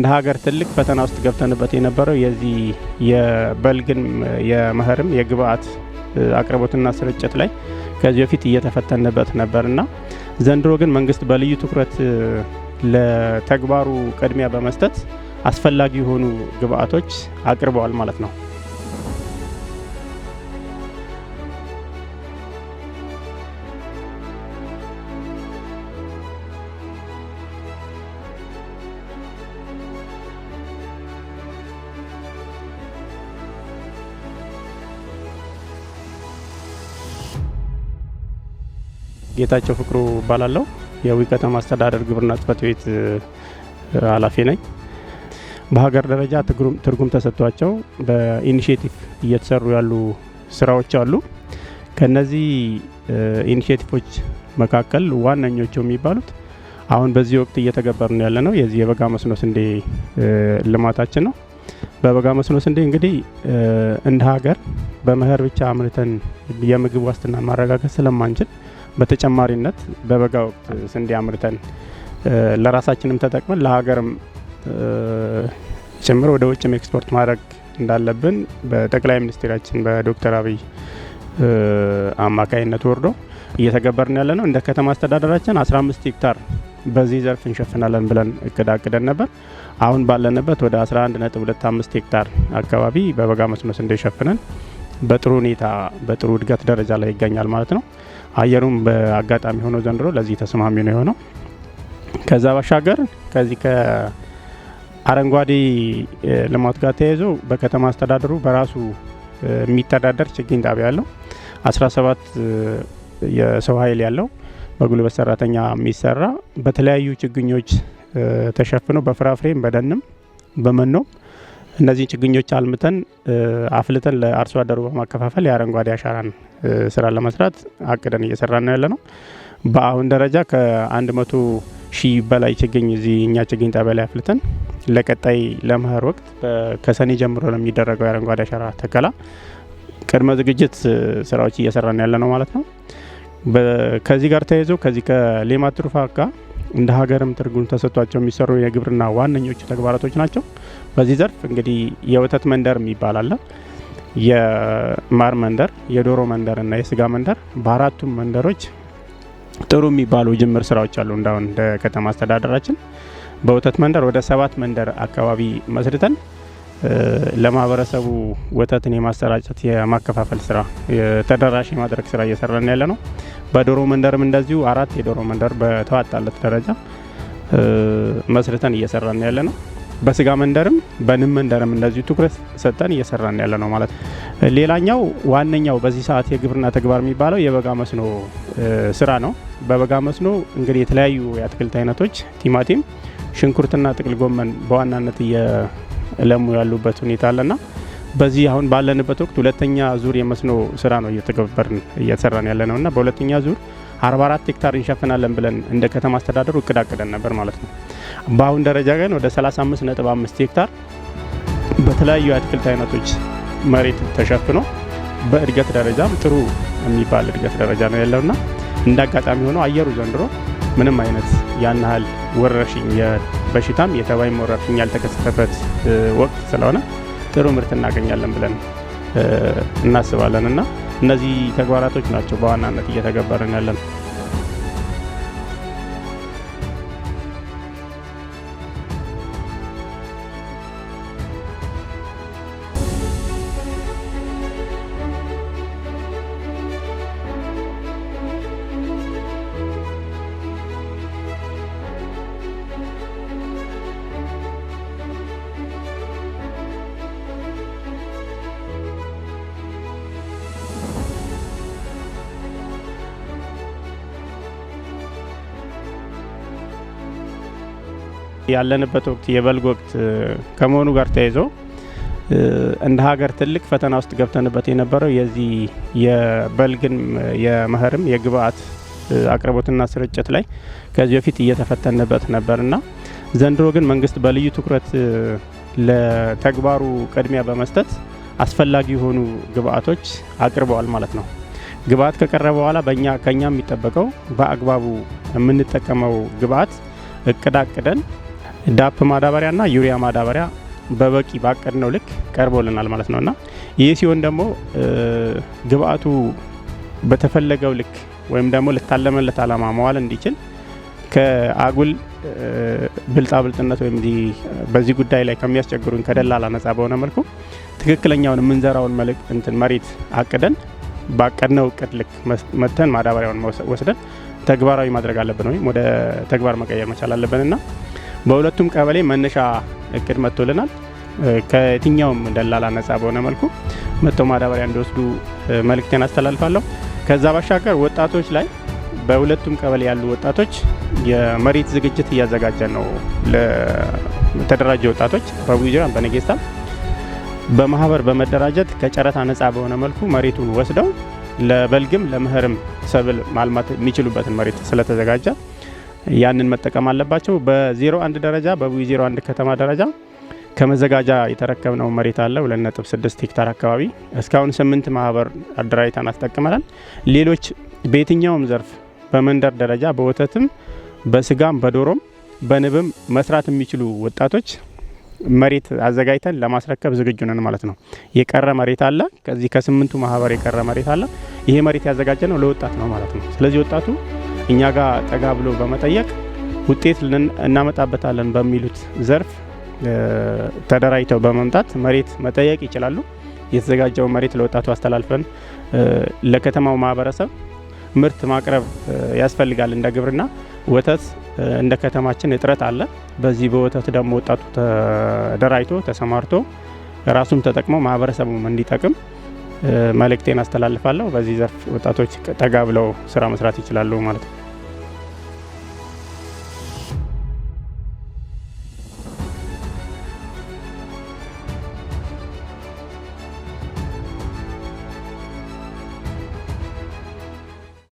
እንደ ሀገር ትልቅ ፈተና ውስጥ ገብተንበት የነበረው የዚህ የበልግን የመኸርም የግብአት አቅርቦትና ስርጭት ላይ ከዚህ በፊት እየተፈተንበት ነበርና ዘንድሮ ግን መንግስት በልዩ ትኩረት ለተግባሩ ቅድሚያ በመስጠት አስፈላጊ የሆኑ ግብአቶች አቅርበዋል ማለት ነው። ጌታቸው ፍቅሩ እባላለሁ። የዊ ከተማ አስተዳደር ግብርና ጽሕፈት ቤት ኃላፊ ነኝ። በሀገር ደረጃ ትርጉም ተሰጥቷቸው በኢኒሽቲቭ እየተሰሩ ያሉ ስራዎች አሉ። ከነዚህ ኢኒሽቲቮች መካከል ዋነኞቹ የሚባሉት አሁን በዚህ ወቅት እየተገበርን ያለ ነው የዚህ የበጋ መስኖ ስንዴ ልማታችን ነው። በበጋ መስኖ ስንዴ እንግዲህ እንደ ሀገር በመኸር ብቻ አምርተን የምግብ ዋስትና ማረጋገጥ ስለማንችል በተጨማሪነት በበጋ ወቅት ስንዴ አምርተን ለራሳችንም ተጠቅመን ለሀገርም ጭምር ወደ ውጭም ኤክስፖርት ማድረግ እንዳለብን በጠቅላይ ሚኒስትራችን በዶክተር አብይ አማካይነት ወርዶ እየተገበርን ያለ ነው። እንደ ከተማ አስተዳደራችን 15 ሄክታር በዚህ ዘርፍ እንሸፍናለን ብለን እቅድ አቅደን ነበር። አሁን ባለንበት ወደ 11.25 ሄክታር አካባቢ በበጋ መስኖ ስንዴ ሸፍነን በጥሩ ሁኔታ በጥሩ እድገት ደረጃ ላይ ይገኛል ማለት ነው። አየሩም በአጋጣሚ ሆኖ ዘንድሮ ለዚህ ተስማሚ ነው የሆነው። ከዛ ባሻገር ከዚህ ከአረንጓዴ ልማት ጋር ተያይዞ በከተማ አስተዳደሩ በራሱ የሚተዳደር ችግኝ ጣቢያ ያለው 17 የሰው ኃይል ያለው በጉልበት ሰራተኛ የሚሰራ በተለያዩ ችግኞች ተሸፍኖ በፍራፍሬም በደንም በመኖም እነዚህን ችግኞች አልምተን አፍልተን ለአርሶ አደሩ በማከፋፈል የአረንጓዴ አሻራን ስራ ለመስራት አቅደን እየሰራ ነው ያለ ነው። በአሁን ደረጃ ከአንድ መቶ ሺህ በላይ ችግኝ እዚህ እኛ ችግኝ ጣቢያ ላይ አፍልተን ለቀጣይ ለመኸር ወቅት ከሰኔ ጀምሮ የሚደረገው የአረንጓዴ አሻራ ተከላ ቅድመ ዝግጅት ስራዎች እየሰራ ነው ያለ ነው ማለት ነው። ከዚህ ጋር ተያይዞ ከዚህ ከሌማት ትሩፋት ጋር እንደ ሀገርም ትርጉም ተሰጥቷቸው የሚሰሩ የግብርና ዋነኞቹ ተግባራቶች ናቸው። በዚህ ዘርፍ እንግዲህ የወተት መንደር የሚባል አለ፣ የማር መንደር፣ የዶሮ መንደር እና የስጋ መንደር። በአራቱም መንደሮች ጥሩ የሚባሉ ጅምር ስራዎች አሉ። እንዳሁን እንደ ከተማ አስተዳደራችን በወተት መንደር ወደ ሰባት መንደር አካባቢ መስርተን ለማህበረሰቡ ወተትን የማሰራጨት የማከፋፈል ስራ ተደራሽ የማድረግ ስራ እየሰራን ያለ ነው። በዶሮ መንደርም እንደዚሁ አራት የዶሮ መንደር በተዋጣለት ደረጃ መስርተን እየሰራን ያለ ነው። በስጋ መንደርም በንም መንደርም እንደዚሁ ትኩረት ሰጠን እየሰራን ያለ ነው ማለት ነው። ሌላኛው ዋነኛው በዚህ ሰዓት የግብርና ተግባር የሚባለው የበጋ መስኖ ስራ ነው። በበጋ መስኖ እንግዲህ የተለያዩ የአትክልት አይነቶች ቲማቲም፣ ሽንኩርትና ጥቅል ጎመን በዋናነት ለሙ ያሉበት ሁኔታ አለና በዚህ አሁን ባለንበት ወቅት ሁለተኛ ዙር የመስኖ ስራ ነው እየተገበርን እየሰራን ያለ እና በሁለተኛ ዙር 44 ሄክታር እንሸፍናለን ብለን እንደ ከተማ አስተዳደሩ እቅድ አቅደን ነበር ማለት ነው። በአሁን ደረጃ ግን ወደ 35.5 ሄክታር በተለያዩ የአትክልት አይነቶች መሬት ተሸፍኖ በእድገት ደረጃም ጥሩ የሚባል እድገት ደረጃ ነው ያለውና እንደ አጋጣሚ ሆኖ አየሩ ዘንድሮ ምንም አይነት ያን ያህል ወረርሽኝ በሽታም የተባይ ወረርሽኝ ያልተከሰተበት ወቅት ስለሆነ ጥሩ ምርት እናገኛለን ብለን እናስባለን እና እነዚህ ተግባራቶች ናቸው በዋናነት እየተገበርን ያለን። ያለንበት ወቅት የበልግ ወቅት ከመሆኑ ጋር ተያይዞ እንደ ሀገር ትልቅ ፈተና ውስጥ ገብተንበት የነበረው የዚህ የበልግን የመኸርም የግብአት አቅርቦትና ስርጭት ላይ ከዚህ በፊት እየተፈተንበት ነበርና ዘንድሮ ግን መንግስት በልዩ ትኩረት ለተግባሩ ቅድሚያ በመስጠት አስፈላጊ የሆኑ ግብአቶች አቅርበዋል ማለት ነው። ግብአት ከቀረበ በኋላ በእኛ ከኛ የሚጠበቀው በአግባቡ የምንጠቀመው ግብአት እቅድ አቅደን ዳፕ ማዳበሪያና ዩሪያ ማዳበሪያ በበቂ ባቀድነው ልክ ቀርቦልናል ማለት ነው እና ይህ ሲሆን ደግሞ ግብአቱ በተፈለገው ልክ ወይም ደግሞ ልታለመለት አላማ መዋል እንዲችል ከአጉል ብልጣብልጥነት ወይም በዚህ ጉዳይ ላይ ከሚያስቸግሩን ከደላላ ነጻ በሆነ መልኩ ትክክለኛውን የምንዘራውን መልክ እንትን መሬት አቅደን ባቀድነው እቅድ ልክ መተን ማዳበሪያውን ወስደን ተግባራዊ ማድረግ አለብን ወይም ወደ ተግባር መቀየር መቻል አለብንና በሁለቱም ቀበሌ መነሻ እቅድ መጥቶልናል። ከየትኛውም ደላላ ነጻ በሆነ መልኩ መጥቶ ማዳበሪያ እንዲወስዱ መልእክቴን አስተላልፋለሁ። ከዛ ባሻገር ወጣቶች ላይ በሁለቱም ቀበሌ ያሉ ወጣቶች የመሬት ዝግጅት እያዘጋጀ ነው። ለተደራጀ ወጣቶች በቡጅራም በነጌስታም በማህበር በመደራጀት ከጨረታ ነጻ በሆነ መልኩ መሬቱን ወስደው ለበልግም ለምህርም ሰብል ማልማት የሚችሉበትን መሬት ስለተዘጋጀ ያንን መጠቀም አለባቸው። በ01 ደረጃ በቡኢ 01 ከተማ ደረጃ ከመዘጋጃ የተረከብነው መሬት አለ 2.6 ሄክታር አካባቢ እስካሁን ስምንት ማህበር አደራጅተን አስጠቅመናል። ሌሎች በየትኛውም ዘርፍ በመንደር ደረጃ በወተትም በስጋም በዶሮም በንብም መስራት የሚችሉ ወጣቶች መሬት አዘጋጅተን ለማስረከብ ዝግጁ ነን ማለት ነው። የቀረ መሬት አለ። ከዚህ ከስምንቱ ማህበር የቀረ መሬት አለ። ይሄ መሬት ያዘጋጀ ነው ለወጣት ነው ማለት ነው። ስለዚህ ወጣቱ እኛ ጋር ጠጋ ብሎ በመጠየቅ ውጤት እናመጣበታለን በሚሉት ዘርፍ ተደራጅተው በመምጣት መሬት መጠየቅ ይችላሉ። የተዘጋጀው መሬት ለወጣቱ አስተላልፈን ለከተማው ማህበረሰብ ምርት ማቅረብ ያስፈልጋል። እንደ ግብርና ወተት እንደ ከተማችን እጥረት አለ። በዚህ በወተት ደግሞ ወጣቱ ተደራጅቶ ተሰማርቶ ራሱም ተጠቅሞ ማህበረሰቡም እንዲጠቅም መልእክቴን አስተላልፋለሁ። በዚህ ዘርፍ ወጣቶች ጠጋ ብለው ስራ መስራት ይችላሉ ማለት ነው።